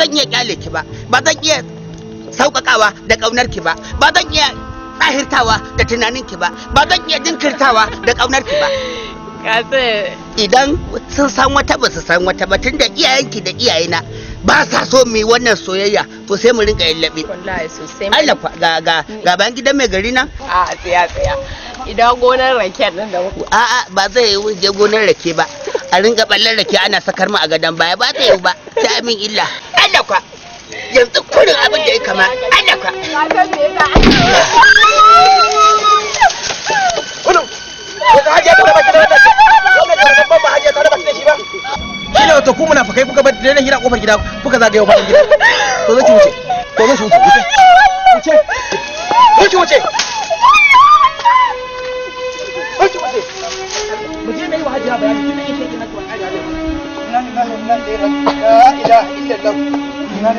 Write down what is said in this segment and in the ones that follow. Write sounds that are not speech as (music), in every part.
zan iya kyale ki ba ba zan iya sauƙaƙawa da ƙaunar ki ba ba zan iya ɗahirtawa da tunanin ki ba ba zan iya jinkirtawa da ƙaunar ki ba idan sun san wata ba su san wata ba tunda iyayenki da iyayena ba sa so mu wannan soyayya to sai mu rinka yallabe wallahi sosai Allah ga ga ga ban gidan mai gari nan a tsaya tsaya idan gonar rake nan da a a ba zai yi je gonar rake ba a rinka ballar rake ana sakar mu a gadan baya ba zai yi ba ta amin illa alakwa yanzu kurin abin da ya kama alakwa Kina kofar gida kuka gida. To zo ki wuce. To zo ki wuce. Wuce. wuce. wuce. إنا لله وإنا إليه لا إله إلا الله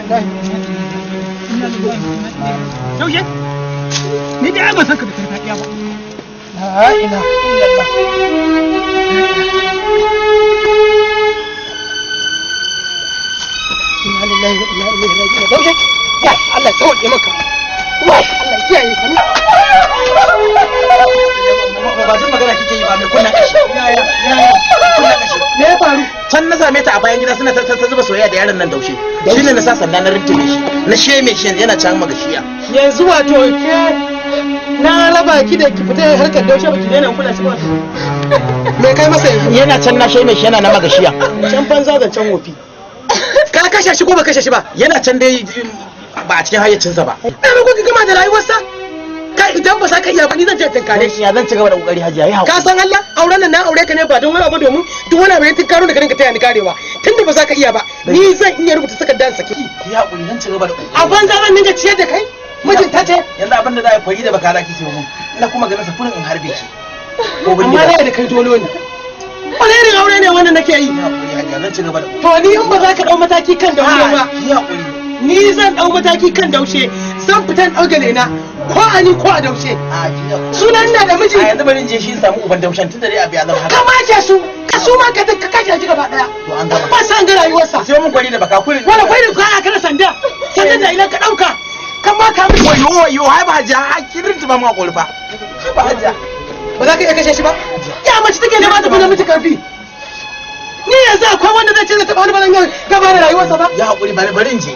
إنا لله Yaushe? Ni da ya san ka da farfadiya ba. La ilaha illallah. Yaushe? Ya Allah ta wuce maka. Wai Allah ya kiyaye ka. Ba duk magana kike yi ba mai kunna kashi. Ya ya ya ya. can na same ta a bayan gida suna ta zuba soyayya da yaron nan daushe shi ne na sa sanda na rintime shi na sheme shi yana can magashiya yanzu wato ke na raba ki da ki fita harkar daushe ba ki daina kula shi ba me kai masa yanzu yana can na sheme shi yana na magashiya can banza da can wofi ka kashe shi ko ba kashe shi ba yana can dai ba a cikin hayyacinsa ba. Na ba kuka gama da rayuwarsa? idan ba sa kai ya bani zan je tinkare shi ya zan ci gaba da kokari hajiya yi hakuri ka san Allah auren nan na aure ka ne ba don wani abu domin duk wani abu ya tinkaro da ka taya ni karewa tunda ba sa ka iya ba ni zan iya rubuta saka dan saki ya kuri zan ci gaba da kokari a banza zan dinga ciyar da kai mijin ta ce yanzu abin da za a yi da baka da kike mu na kuma ganin sa furin in harbe ki amma bin da kai dole ne wani irin aure ne wannan nake yi to ni in ba za ka dau mataki kan daushe ba ni zan dau mataki kan daushe zan fita in ɗauke lena ko a ni ko a daushe sunan na da miji a yanzu bari je shi samu uban daushen tun da dai abu ya zama ma ke su ka su ma ka ka kashe shi gaba daya ba san ga rayuwarsa sai mun gwani da baka kuri. wala gwani ka a kana sanda sanda da ina ka dauka kan ma ka miji wayo wayo hai ba hajiya a kirin ta ba mu hakuri fa ba hajiya ba za ka iya kashe shi ba ya mace take nema ta fi miji karfi ni yanzu akwai wanda zai ce da taɓa wani ba zan gaba da rayuwarsa ba ya haƙuri bari bari in je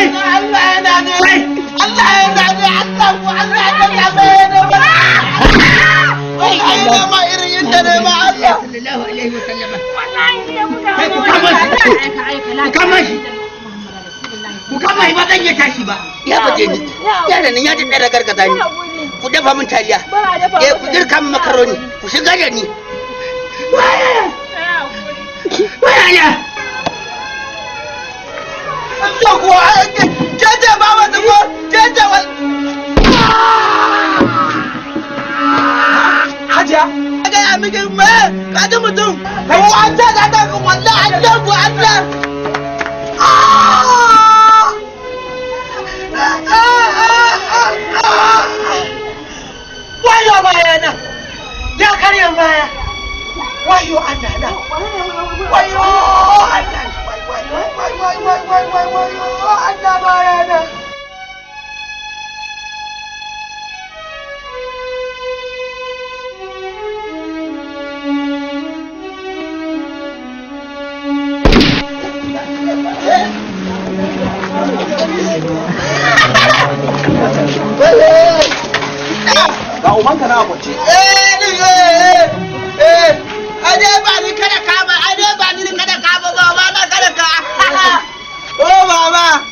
Allah yana Allah Allah Allah ya kaza ya ne ba Allah ya ku kama ba zan iya tashi ba ya ni ya ni ku dafa min taliya eh ku dirka min makaroni ku shiga da ni waya waya 这锅给姐姐把我这锅，姐姐我。Hajiya. Ka gaya miki mai ka ji mutum. Kai wata da ta wallahi Allah ku Allah. Ah! ubanka na kwace eh, eh, eh, Ade ba ni kada ka ba, ba ni kada ka ba, ba ba kada ka. Oh mama,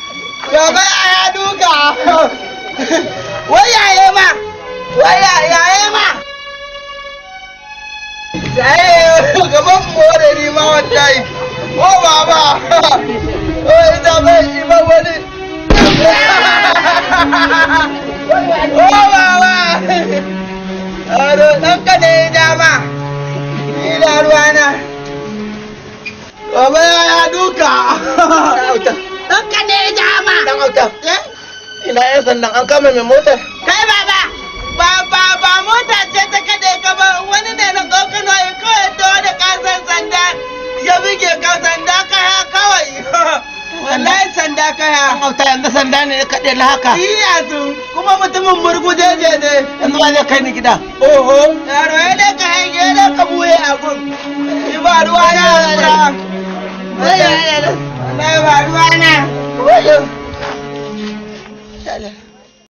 ya ba ya duka. (laughs) Wai yaye ma, wai yaye ma. Yaye, (laughs) gaban more ni ma Oh baba, (laughs) oh bai wani sauraro ɗan kada ya dama ni da ruwana Baba ya ya duka ɗan kada ya dama ɗan auta eh? ina yan sandan an kama mai mota kai baba ba ba ba mota ce ta kada ka ba wani ne na kokano ya kawai to sanda ya bige ka sanda kaya kawai (laughs) wallahi sanda auta yanzu sanda ne ya kaɗe na haka iya kuma mutumin murguje ne yanzu ba zai kai ni gida oho yaro ya eh, da ka hange ne ka buye a gun ni ba ruwa na eh, eh, da ba ruwa na